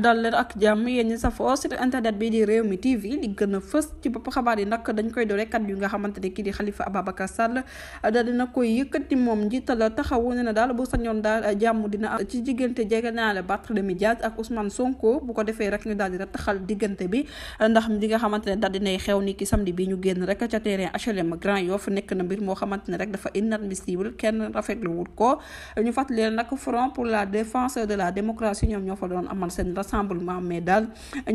dal leen ak jàmm yéen ñi safoo site internet bi di réew mi TV li gën a fës ci bopp xabaar yi nag dañ koy doore yu nga xamante ne kii di Khalifa Ababacar Sall dal dina koy yëkkati moom njiital taxawu ne na daal bu sañoon daal jàmm dina am ci diggante jegenaale Barthélemy Dias ak Ousmane Sonko bu ko defee rek ñu daal di xal diggante bi ndax di nga xamante ne daal dinay xew ni ki samedi bi ñu génn rek ca terrain HLM Grand Yoff nekk na mbir moo xamante ne rek dafa inadmissible kenn rafetlu wut ko ñu fàttali leen nag front pour la défense de la démocratie ñoom ñoo rassemblement mais daal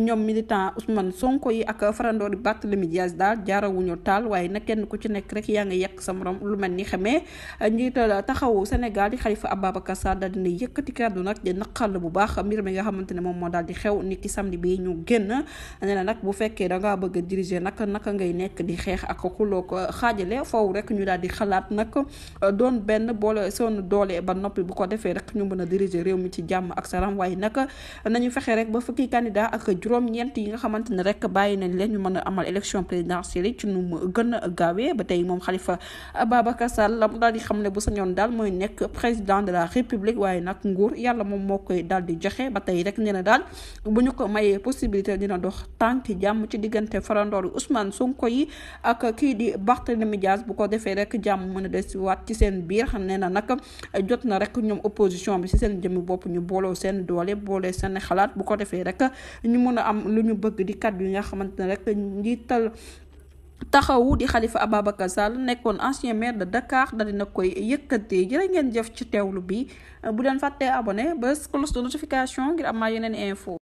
ñoom militant Ousmane Sonko yi ak farandoori Barthélémy Dias daal jaarawuñu taal waaye nag kenn ku ci nekk rek yaa ngi yàq sa morom lu mel ni xamee njiital taxawu Sénégal di Khalifa Ababacar Sall daal dina yëkkati kàddu nag di naqal bu baax mbir mi nga xamante ne moom moo daal di xew ni ki samedi bi ñu génn nee na nag bu fekkee da ngaa bëgg a diriger nag naka ngay nekk di xeex ak xuloo ko xaajale foofu rek ñu daal di xalaat nag euh, doon benn boole sonn doole ba noppi bu ko defee rek ñu mën a diriger réew mi ci jàmm ak nañu fexe rek ba fukki candidat ak juróom-ñeent yi nga xamante ne rek bàyyi nañ leen ñu mën a amal élection présidentielle ci nu mu gën a gaawee ba tey moom Khalifa Ababacar Sall la mu daal di xam ne bu sañoon daal mooy nekk président de la république waaye nag nguur yàlla moom moo koy daal di joxe ba tey rek nee na daal bu ñu ko mayee possibilité dina dox tànk jàmm ci diggante farandooru Ousmane ko yi ak kii di Barthélémy Dias bu ko defee rek jàmm mën a desiwaat ci seen biir nee na nag jot na rek ñoom opposition bi ci seen jëmmi bopp ñu booloo seen doole boole bu ko defee rek ñu mën a am lu ñu bëgg di kàddu yi nga xamante ne rek njiital taxawu di Khalifa Ababacar Sall nekkoon ancien maire de Dakar dal dina koy yëkkatee jërë ngeen jëf ci teewlu bi bu deen fàttee abone ba cloche de notification ngir am maa yeneen info